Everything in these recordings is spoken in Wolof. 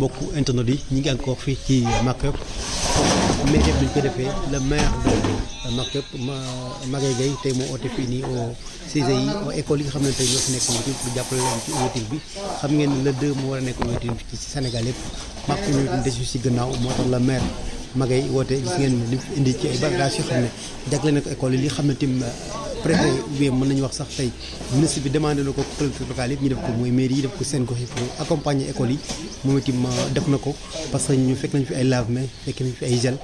mbokku internet yi ñu ngi ko fii ci Makkeup mais def nañ ko defee le maire de Makkeup Magaye Gaye tey moo oote fii nii au yi au école yi xam ne tey ñoo fi nekk nii pour jàppale leen ci ouverture bi xam ngeen le deux moo war a nekk ouverture bi ci Sénégal yëpp màkk ñu desu si gannaaw moo tax le maire Magaye woote gis ngeen li indi ci ay bagages yoo xam ne jagle na ko école li xam ne tim préfet ou bien mën nañu wax sax tey ministre bi demandé na ko collectivités locales yëpp ñu def ko mooy mairie yi def ko seen gox yi pour accompagner écoles yi moom itam euh, def na ko parce ñu fekk nañu fi ay lave-mains fekk nañu fi ay gel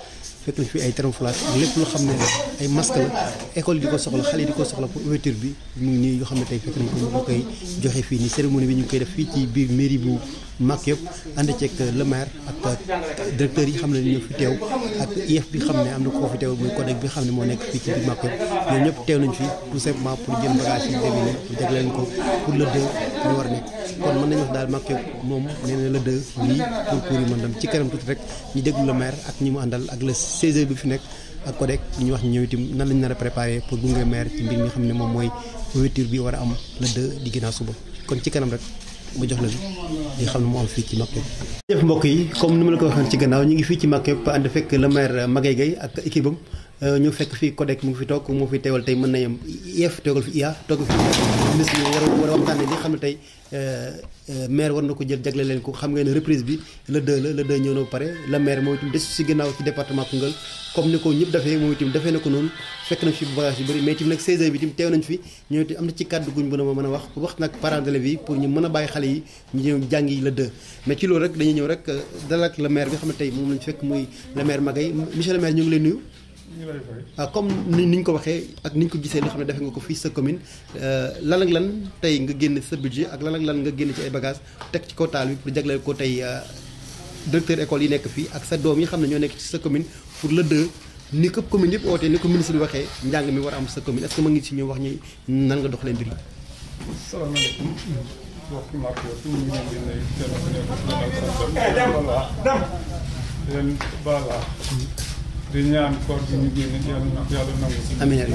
fekk nañ fi ay thermoflash ak lépp loo xam ne ay masque la école di ko soxla xale di ko soxla pour ouverture bi mu ngi nii yoo xam ne tey fekk nañ ñu koy fii nii cérémonie bi ñu ngi koy def fii ci biir mairie bu mag yëpp ànd ceeg le maire ak directeur yi xam ne ñoo fi teew bi xam ne am na ko fi teew muy codec bi xam ne moo nekk fii ci biir yëpp ñoom ñëpp teew nañ fi tout simplement pour jël bagage yi demee nii jagleel ko pour le deux ñu war a nekk kon mën nañu wax daal Mbacké moom nee na le deux lii concours yi dem ci kanam tuuti rek ñu déglu le maire ak ñu mu àndal ak le CGE bi fi nekk ak CODEC ñu wax ñëw itam nan lañu nar a préparé pour gunge maire ci mbir mi xam ne moom mooy ouverture bi war a am le deux di ginnaaw suba kon ci kanam rek mu jox la li xam ne moo am fii ci Mbacké jëf mbokk yi comme ni ma la ko waxoon ci gannaaw ñu ngi fii ci Mbacké ànd fekk le maire Magaye Gaye ak équipe Euh, ñu fekk fii CODEC mu ngi fi toog moo fi teewal tey mën na yem IEF teewal fi IA toog fi ministre yi war a war a li xam ne tey euh, euh, maire war na ko jël jagle leen ko xam ngeen ne reprise bi le 2 la na ba pare la maire moom des si ginnaaw ci département comme ni ko ñëpp defee moom itam defee na ko noonu fekk nañ fi bagage yu bëri mais itam nag bi itam teew fi ñoom itam am ci kàddu guñ bu na mën a wax pour wax nag parents d'élèves yi pour ñu mën a bàyyi xale yi ñu ñëw jàng yi le loolu rek dañuy ñëw rek dalak la maire bi xam ne tey moom lañ fekk muy la maire Magaye monsieur le maire ñu ngi leen nuyu waaw comme ni ni ñu ko waxee ak ni ñu ko gisee loo xam ne defe nga ko fii sa commune lan ak lan tey nga génn sa budget ak lan ak lan nga génn ci ay bagages teg ci ko taal bi pour jagleel ko tey directeur école yi nekk fii ak sa doom yi xam ne ñoo nekk ci sa commune pour le deux ni ko commune yëpp ootee ni ko ministre bi waxee njàng mi war a am sa commune est ce que ngi ci ñu wax ñi nan nga dox mbir mi. salaamaaleykum mbokk yi di ñaan koor gi ñu génne ji nekk ci àddina bi. amiin amiin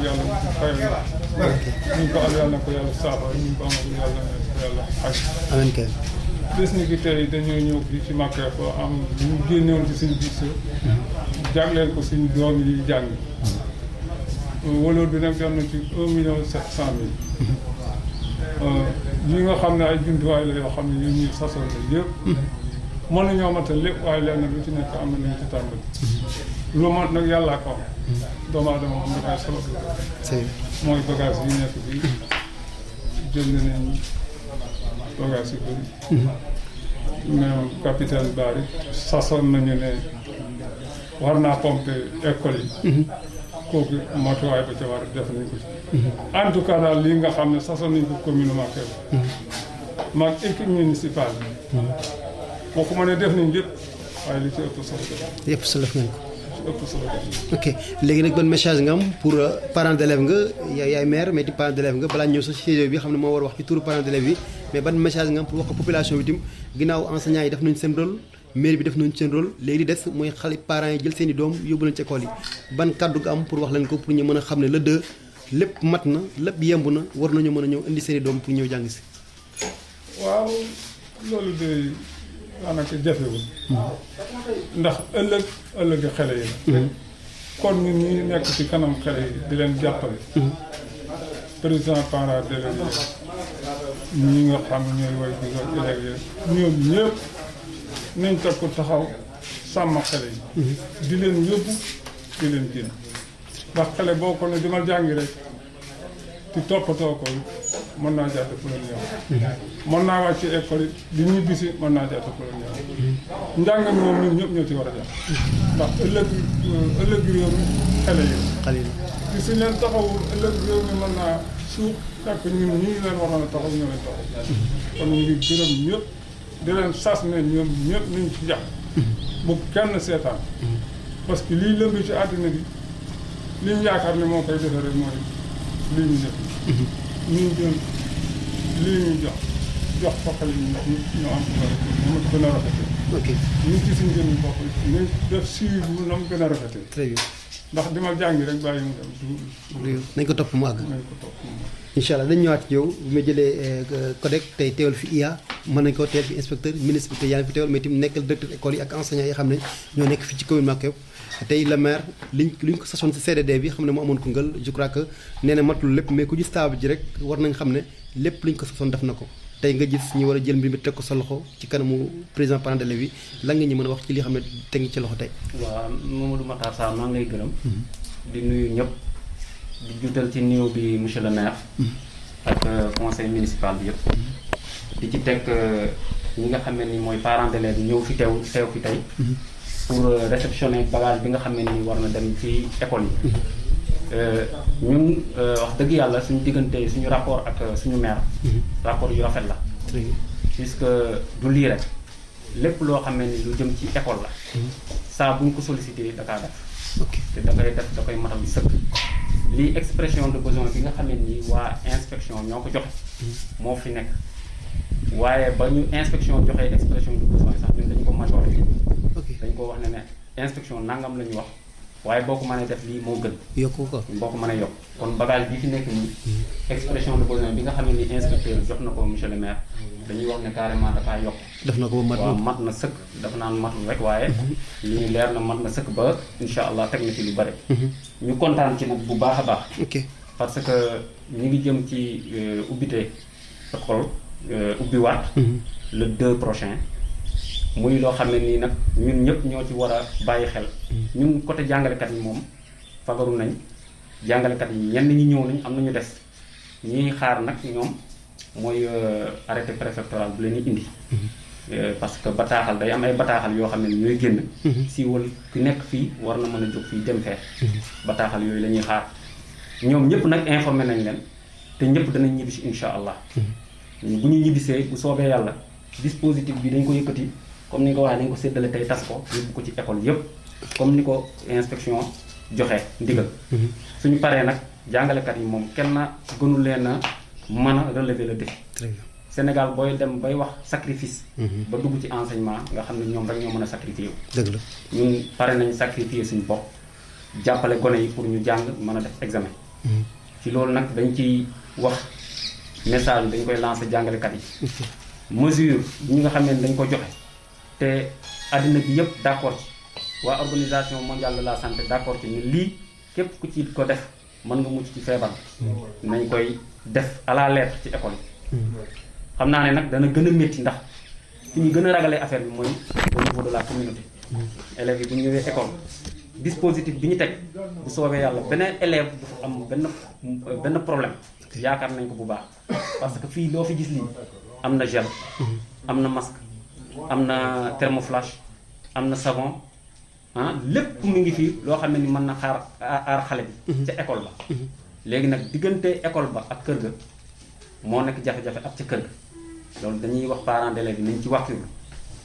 yàlla ko fayal la. ok ñu ko am yàlla na ko yàlla saafara ñu ko amatul yàlla ko yàlla xaj. dañoo ñëw fii ci Makka fa am ñu génnewoon ci suñu biir jagleel ko suñu doom yi jàng. waloor bi nag dem na ci un million sept cent mille. Mhm. Euh, ñi nga xam ne ay jumtuwaay la yoo xam ne ñun ñu sasoon la yëpp. mën nañoo matal lépp waaye lenn lu ci nekk am na lu ñu ci tàmbali. Mhm. lu mot nag yàllaa ko am. Mhm. doomu aadama am dafay solo. mooy bagage yi nekk bi mhm. jënd nañ bagage yu bëri. même capitaine Bari sasoon nañu ne war naa pompe école yi. kooku matuwaay ba ca war def nañ ko ci. en tout cas daal lii nga xam ne sasoon nañ ko commune Mbacké. maag équipe municipale bi. waxuma ne lépp waaye li ci ok léegi nag ban message nga am pour euh, parents d'élèves nga yaay maire mais di parents d'élèves nga balaa ñëw sa studio bi xam ne moo war wax ci turu parents d'élèves yi mais ban message nga am pour wax ko population bi tamit ginnaaw enseignants yi def nañ seen rôle. maire bi def nañu seen rôle léegi des mooy xale parents yi jël seen i doom yóbbu leen ci yi ban kàddu nga am pour wax leen ko pour ñu mën a xam ne la deux lépp mat na lépp yemb na war nañu mën a ñëw indi seen i pour ñëw jàng si. daanaka jafewul ndax ëllëg ëllëg xele yi la hmm. kon ñun ñi nekk ci kanam xele yi di leen jàppale hmm. président parent délégué ñi nga xam ñooy way diga délégué ñoom ñëpp nañ takku taxaw sàmm xele yi hmm. di leen yóbbu di leen jën ndax xale boo ko ne demal jàngi rek te toppatoo ko mën naa jàpp fu leen ñëw mën naa wàcc ci école yi di ñibbi si mën naa jàpp fu leen ñëw njàng mi moom ñun ñëpp ñoo ci war a jàpp ndax ëllëg ëllëg réew mi xale leen taxawul ëllëg réew mi mën naa suuf fekk ñun ñi leen waroon a taxaw ñoo leen taxaw kon ñu ngi gërëm ñëpp di leen sas ne ñoom ñëpp ñu ci bu kenn seetaan parce que lii lëmb ci àddina bi liñ yaakaar ne moo koy defe rek mooy lu ñu def. Mhm. ñu doon jox jox foqal yi ñu am ñu a rafetee. ok ñu ngi ci suñu jëmmi a rafetee. jàngi rek bàyyi mu dem du. nañ ko topp mu àgg. nañ ko topp mu àgg. incha ma jëlee euh, CODEC tey teewal fi IA mën nañ ko teel fi inspecteur ministre te yaa ngi fi teewal mais tamit nekkal directeur école yi ak enseignants yi xam ne ñoo nekk fii ci commune Mbacké tey le maire li liñ ko sasoon si CDD bi xam ne mu amoon Koungheul je crois que nee na matul lépp mais ku gis table ji rek war nañ xam ne lépp liñ ko sasoon def na ko tey nga gis ñu war a jël mbir mi teg ko sa loxo ci kanamu président parent d'élève bi lan nga ñu mën a wax ci li xam ne teg ci loxo tey. waaw Mamadou Makhtar Sarr maa ngi lay gërëm. Mhm. di nuyu ñëpp di juutal ci nuyoo bi monsieur le maire. Mhm. ak euh, conseil municipal bi yëpp. Mhm. di ci teg euh, ñi nga xam ne ni mooy parent d'élève ñëw fi teew teew fi tey. pour euh, réceptionner bagage bi nga xam ne nii war na dem ci école yi. Euh, ñun euh, wax dëgg yàlla suñu diggante suñu rapport ak suñu maire. Mm-hmm. rapport yu rafet la. puisque du lii rek lépp loo xam ne ni lu jëm ci école la. Mm-hmm. saa bu ñu ko sollicité da kaa def. te da def da matal sëkk. lii expression de besoin bi nga xam ne nii waa inspection ñoo ko joxe. Mm-hmm. moo fi nekk waaye ba ñu inspection joxe expression de besoin sax ñun dañu ko majoré. koo wax ne ne instruction nangam la ñu wax waaye boo ko mënee def lii moo gën. yokku ko boo ko mënee yokk kon bagage bi fi nekk nii. Hmm. expression de besoin bi nga xam ne ni jox na ko monsieur le maire. Hmm. dañuy wax ne carrément dafaa yokk. def na ko ba mat waaw mat na sëkk dafa naan matul rek waaye. Hmm. lii leer na mat na sëkk ba incha allah teg na ci lu bare. ñu kontaan ci nag bu baax a baax. parce que ñu ngi jëm ci euh, ubbite école euh, ubbiwaat. le deux prochain. muy loo xam ne nii nag ñun ñëpp ñoo ci war a bàyyi xel ñun côté jàngalekat yi moom fagaru nañ jàngalekat yi ñenn ñi ñëw nañ am na ñu des ñiy xaar nag ñoom mooy euh, arrêté préfectoral bu leen indi mm-hmm. euh, parce que bataaxal day am ay bataaxal yoo xam ne ñooy génn mm-hmm. siiwal ku nekk fii war na mën a jóg fii dem fee mm-hmm. bataaxal yooyu la xaar ñoom ñëpp nag informé nañ leen te ñëpp danañ ñibbisi insha allah bu ñu ñibbisee bu soobee yàlla dispositif bi dañ ko yëkkati comme ni nga ko waxee nañ ko séddale tey tas ko yóbbu ko ci école yëpp comme ni ko inspection joxe ndigal mhm. suñu paree nag jàngalekat yi moom kenn gënu leen a mën a relever le défi Sénégal booy dem bay wax sacrifice mhm. ba dugg ci enseignement nga xam ne ñoom rek ñoo mën a sacrifier wu dëgg la ñun pare nañ sacrifier suñ bopp jàppale gone yi pour ñu jàng mën a def examen mhm. ci loolu nag dañ ciy wax message dañ koy lancer jàngalekat yi mesure ñi nga xam ne dañ ko joxe te àddina bi yëpp d'accord ci waa organisation mondiale de la santé d'accord ci ni lii képp ku ci ko def mën nga mucc ci feebar nañ koy def à ci école yi xam naa ne nag dana gën a métti ndax fi ñu gën a ragalee affaire bi mooy au niveau de la communauté élèves yi bu ñu ñëwee école dispositif bi ñu teg bu soobee yàlla beneen élève bu fa am benn benn problème yaakaar nañ ko bu baax parce que fii loo fi gis lii am na gel am na masque am na thermoflash am na savon ah, lépp mu ngi fii loo xam ne ni mën na xaar aar xale bi mhm. ca école ba mhm. léegi nag diggante école ba ak kër ga moo nekk jafe-jafe ak ca kër ga loolu dañuy wax parents d'élèves bi nañ ci waxtu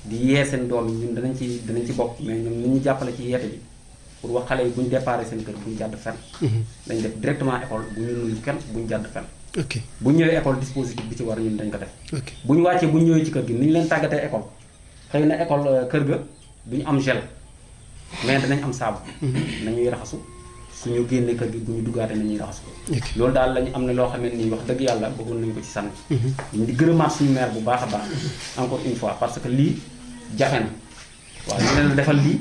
di yee seen doom yi ñun danañ ci danañ ci bokk mais ñoom ni ñu jàppale ci yeete bi pour wax xale yi bu ñu déparé seen kër bu ñu jàdd fenn dañ mhm. def directement école bu ñu nuyu kenn bu ñu jàdd fenn ok bu ñu ñëwee école dispositif bi ci war ñun dañ ko gi ni ñu leen tàggatee école xëy na école euh, kër ga bu ñu am gel mais danañ am saabu. Mhm. nañuy raxasu suñu génnee kër gi bu ñu duggaatee nañuy raxasu. loolu daal lañu am na loo xam ne nii wax dëgg yàlla bëggoon nañu ko ci sànni. Mhm. di gërëmaat suñu maire bu baax a baax. encore une fois parce que lii jafe na waaw ñu ne la defal lii.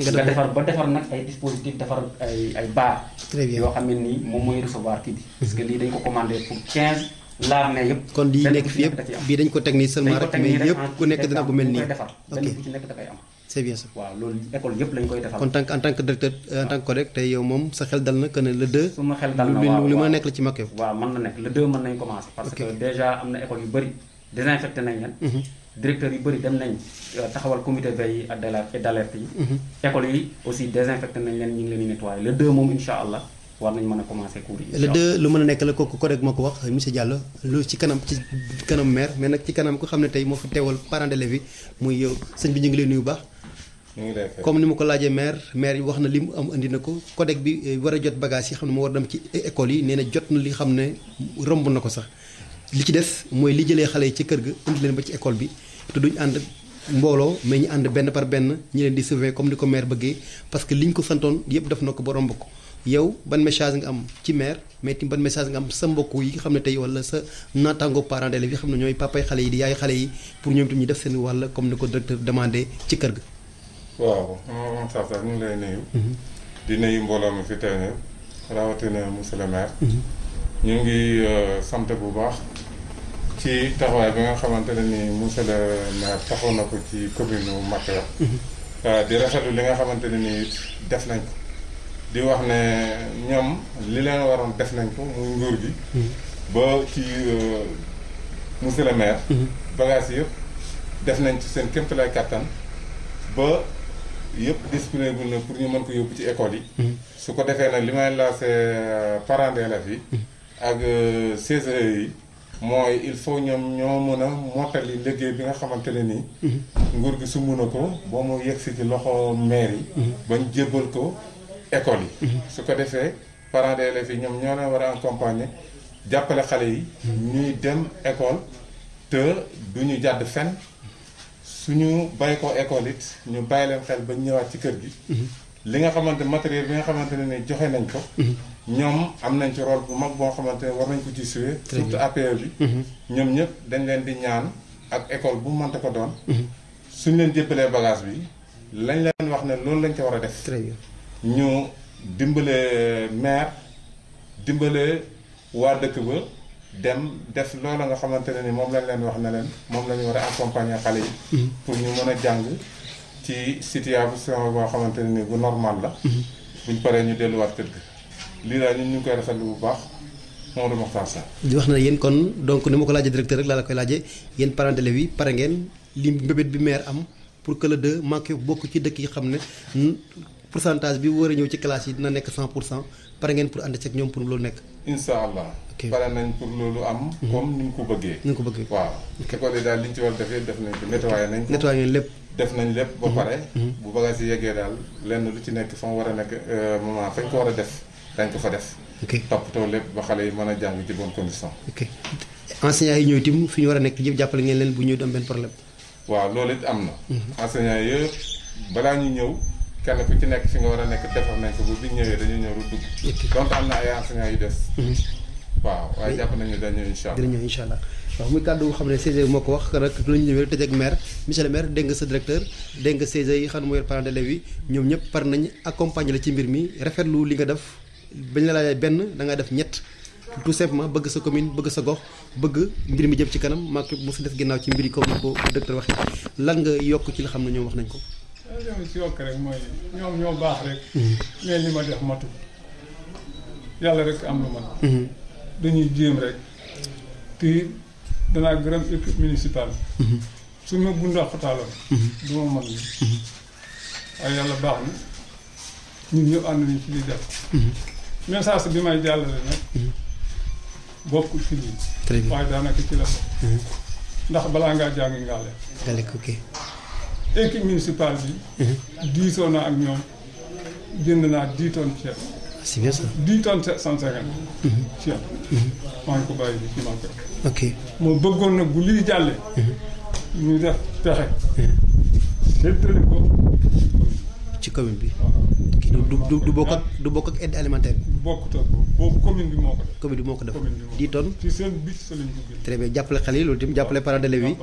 nga defar ba defar nag ay dispositif defar ay ay bar. très bien yoo xam ne nii moom mooy recevoir kii bi. Mhm. parce que lii dañ ko commandé pour 15. laam ne yëpp. kon lii nekk fi yëpp bii dañ ko teg nii seulement rek mais yëpp ku nekk dina ko mel nii. ok c'est bien ça. waaw loolu école yëpp lañ koy defar. kon tant en tant directeur en tant que euh, tey yow moom sa xel dal na que ne le lu ma nekk la ci mag yow. waaw mën na nekk le 2 mën nañ commencer. parce que déjà am na école yu bëri désinfecté nañ leen. Mhm. directeur yu bëri dem nañ euh, taxawal comité veille et yi. Mhm. école yi aussi désinfecté nañ leen war nañ mën a commencé cours yi. lu mën a nekk la kooku ko rek moo ko wax monsieur Diallo lu ci kanam ci kanam maire mais nag ci kanam ko xam ne tey moo fi teewal parents d'élèves yi muy yow sëñ bi ñu ngi leen nuyu baax. comme ni ma ko laajee maire maire yi wax na li mu am indi na ko codec bi eh, war a jot bagage yi xam ne moo war dem ci école yi nee na jot na li xam ne romb na ko sax li ci des mooy li jëlee xale yi ci kër ga indi leen ba ci école bi te duñ ànd mbooloo mais ñu ànd benn par benn ñi di surveiller comme ni ko maire bëggee parce que liñ ko santoon yëpp def na ko ba romb yow ban message nga am ci maire metti ban message nga am sa mbokk yi xam ne tey wala sa naataango parents d'élèves yi xam ne ñooy papay xale yi di yaay xale yi pour ñoom itam ñu def seen wàll comme ni ko directeur demandé ci kër gi waaw moom sax sax ñu lay nuyu. Mhm. di nuyu mbooloo mi fi teew rawatina monsieur le maire. Mhm. ñu ngi euh, sant bu baax. ci taxawaay bi nga xamante ne ni monsieur le maire taxaw na ko ci commune Matoya. Mhm. Euh, di rafetlu li nga xamante ne ni def nañ ko. di wax ne ñoom li leen waroon def nañ ko muy nguur gi. Hmm. ba ci euh, monsieur le maire. Hmm. bagages yëpp def nañ ci seen lay kattan ba yëpp disponible na pour ñu mën ko yóbbu ci école yi. Hmm. su ko defee nag li may lancé euh, parents d'élèves yi. ak euh, CGE yi. mooy il faut ñoom ñoo mën a mottali liggéey bi nga xamante ne nii. nguur gi su na ko ba mu yegsi ci loxo maire yi. bañ jébbal ko. école yi. su ko defee parents d'élèves yi ñoom ñoo leen war a accompagner jàppale xale yi. ñuy dem école te du ñu jàdd fenn suñu bàyyi ko école it ñu bàyyi leen xel ba ñëwaat ci kër gi. li nga xamante matériel bi nga xamante ne ni joxe nañ ko. ñoom am nañ ci rôle bu mag boo xamante ne war nañ ko ci suwee. surtout APE bi. Mhm. ñoom ñëpp dañ leen di ñaan ak école bu mënta ko doon. Mhm. suñ leen jébbalee bagage bi lañ leen wax ne loolu lañ ko war a def. ñu dimbale maire dimbale waa dëkk ba dem def loola nga xamante ne ni moom lañ leen wax ne leen moom la ñu war a accompagner xale yi. Mhm. pour ñu mën a jàng ci situation boo xamante ne ni bu normal la. Mhm. buñ paree ñu delluwaat kër gi. lii daal ñun ñu ngi koy rafetlu bu baax Maodo Mokhtar Sarr. di wax na yéen kon donc ni ma ko laajee directeur rek laa la koy laajee yéen parents d'élèves yi pare ngeen lim mbébét bi maire am pour que le deux bokk ci dëkk yi xam ne. pourcentage bi war a ñëw ci classe yi dina nekk 100 pour cent pare ngeen pour ànd ceeg ñoom pour loolu nekk. incha allah. pare nañ pour loolu am. Mhm. comme ni ñu ko bëggee. ni ñu ko bëggee waaw. école yi daal li ñu ci war a defee def nañ ko nettoyé nañ ko. nettoyé ngeen lépp. def nañ lépp ba mhm. pare. Mhm. bu bagage yi yeggee daal lenn lu ci nekk fa mu war a nekk euh, moment fañ ko war a def dañ ko fa def. ok toppatoo lépp ba xale yi mën a jàng ci bonne condition. ok enseignants yi ñëw itam fi ñu war a nekk yëpp jàppale ngeen leen bu ñëw du am benn problème. waaw loolu it am na. enseignants yëpp balaa ñu ñëw. kenn ku ci nekk fi nga war a nekk defar nañ ko bu bi ñëwee dañu ñëw dugg. donc am na ay enseignants yu des. Mhm. waaw waaye jàpp nañu dañu incha allah dinañu incha allah waaw muy kàddu xam ne CG moo ko wax nag la ñu ñëwee tëj ak maire monsieur le maire dégg nga ñoom ñëpp par nañ accompagner la ci mbir mi rafetlu li nga def bañ la laajee benn dangay nga def ñett tout simplement bëgg sa commune bëgg sa gox bëgg mbir mi jëm ci kanam maa ko fi def ginnaaw ci mbir yi comme ni ko directeur waxee nga yokk ci la xam ne ñoom wax nañ ko yow ci mooy ñoom ñoo baax rek. Mm-hmm. mais li ma def matu. yàlla rek am lu man mm-hmm. dañuy jéem rek. te danaa gërëm équipe municipale. Mm-hmm. su ma gundax xataaloon. du ma mën nii. waaye yàlla baax na ñun ñëpp ànd nañu ci def. message bi may jàllale nag. bokkul ci lii. waaye daanaka ci la ndax balaa ngaa jàngi ngaale. ngaale ko équipe municipale bi. diisoo na ak ñoom jënd naa dix tonnes ceeb. c'est bien ça dix mhm. Mhm. ok moo bëggoon nag bu lii jàllee. Mhm. ñu def pexe. ci commune bi. kii du du du bokk ak du bokk ak aide alimentaire bi. bokkut ak boobu commune bi moo ko def. commune bi moo jàppale xale yi loolu tamit jàppale parents d'élèves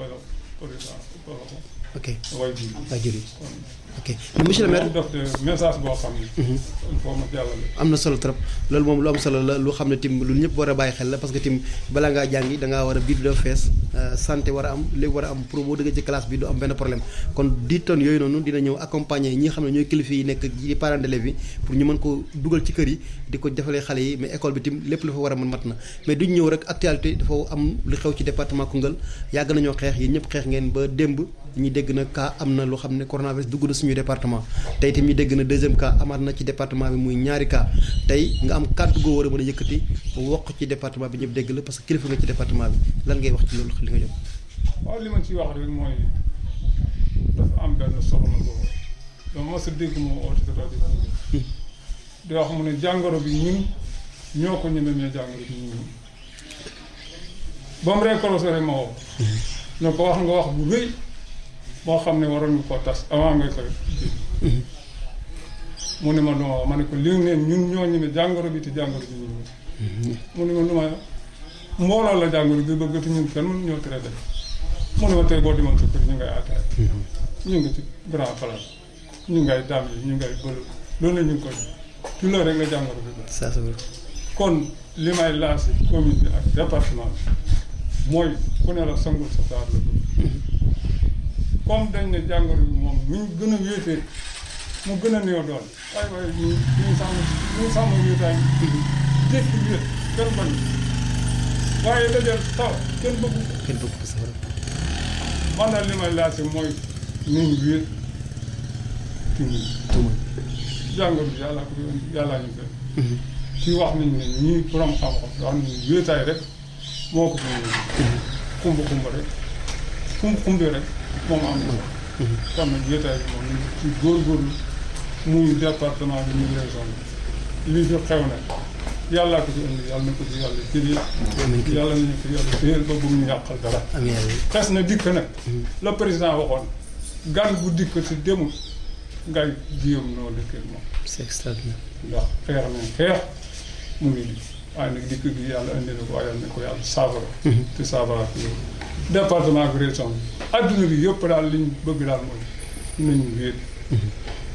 ok waajur yi mhm. am na solo trop loolu moom lu am solo la lu xam ne tim lu ñëpp war a bàyyi xel la parce que tim balaa ngaa jàngi dangaa war a biir bi da fees euh, santé war a am léegi war a am pour boo dëggee ci classe bi du am benn problème kon dix tonnes yooyu noonu dina ñëw accompagner ñi nga xam ne ñooy kilifa bi tim lépp lu fa war a mën mat na mais duñ ñëw rek actualité dafa am lu xew ci département Koungheul yàgg nañoo xeex yi ñëpp xeex ngeen ba démb ñi dégg na cas am a a a dégg di wax mu ne jàngoro bi ñun ñoo ko ñemee mais jàngoro bi ñun ba mu récolté rek ma woo. Mm-hmm. na ko wax nga wax bu rëy. boo xam ne waroon ñu koo tas avant nga koy mu ne ma lu ma ne ko li ngeen ñun ñoo ñu jàngoro bi te jàngoro bi ñu mu ne ma mbooloo la jàngoro bi bëggatu ñun kenn mën ñoo traité mu ne ma tey boo demoon sa kër ñu ngay attaay ñu ngi ci grand place ñu ngay dam yi ñu ngay bël loolu ñu ngi koy ci loolu rek la jàngoro bi kon li may lancé commune bi ak département bi mooy ku ne la sangul sa taar la comme dañ ne jàngoro moom ñu gën a wéetee mu gën a néew doon waaye waaye ñu ñu sàmm ñu kenn bañ waaye dajal taw kenn bëgg ko kenn bëgg ko sax man daal li may laajte mooy nañ wéet tuuti tuuti jàngoro bi yàlla ko yàllaa ñu fekk mhm. wax nañ ne ñii borom xam wax nañ ne wéetaay rek moo ko fi mhm. kumba kumba rek rek moom am na ko. kon nag jotaay moom ñu ngi ci muy département bi muy région bi fi xew na yàllaa ko ci indi yàlla na ko ci yàlla jëlee. yàlla nañu ko yàlla téyel ko bu mu yàqal dara. xes na dikk nag. Mm-hmm. la président waxoon gan bu dikk te demul ngay jiyam noo dëkkee moom. c'est extraordinaire. ndax xeex nañ xeex mu ngi nii. waaye nag dikk bi yàlla indi na ko waaye yàlla na ko yàlla saafara mhm. te saafara ko département bi région bi adduna bi yëpp daal liñ bëgg daal mooy nañu wéet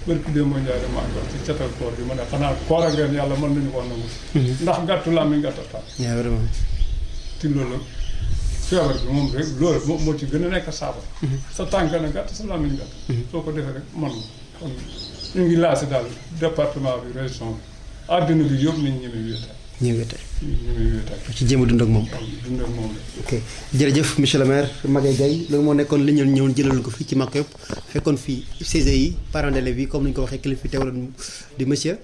barki dee mooy njaay damaa jox ma ne xanaa koor ak ren yàlla mën nañu ko nangu mhm. ndax gàttu laa mi gàttal taal te loolu feebar bi moom rek loolu moo ci gën a nekk saafara mhm. sa tànk na gàtt sa làmmiñ gàtt soo ko defee rek man kon ñu ngi laasi daal département bi région bi adduna bi yëpp nañ ñeme wéet ñëw ci jéem dund ak moom ok jërëjëf monsieur le maire Maguette Gaye loolu moo nekkoon li ñu ñëwoon jëlal ko fii ci mag yëpp fekkoon fii CGI yi parents d'élèves yi comme ni ñu ko waxee kilifa fi teewloon di monsieur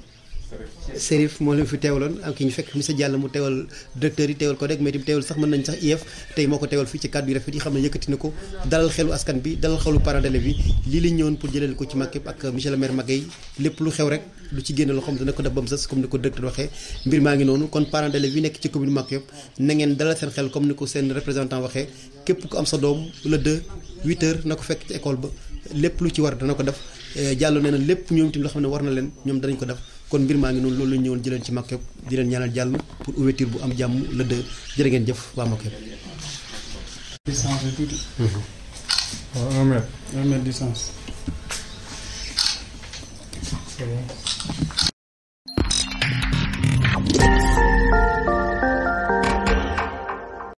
Serif moo leen fi teewloon ki ñu fekk monsieur Diallo mu teewal directeur yi teewal ko rek mais tim teewal sax mën nañ sax IEF tey moo ko teewal fii ci kàddu yu rafet yi xam ne yëkkati na ko dalal xelu askan bi dalal xelu parents d'élèves yi lii lañ ñëwoon pour jëlal ko ci mag yëpp ak monsieur le maire lu xew rek lu ci génn loo xam dana ko def ba mu sës comme ni ko directeur waxee mbir maa ngi noonu kon parents d'élèves yi nekk ci commune Maka Yop na ngeen dalal seen xel comme ni ko seen représentant waxee képp ku am sa doom le 2 8 na ko fekk ci école ba lépp lu ci war dana ko def jàll eh, nee na lépp ñoom itam loo xam ne war na leen ñoom danañ ko def kon mbir maa ngi noonu loolu la ñu ñëwoon jëleen ci Maka Yop di leen jàll pour ouverture bu am jàmm la 2 jërë ngeen jëf waa Maka Yop distance bi tuuti. waaw un mètre. un mètre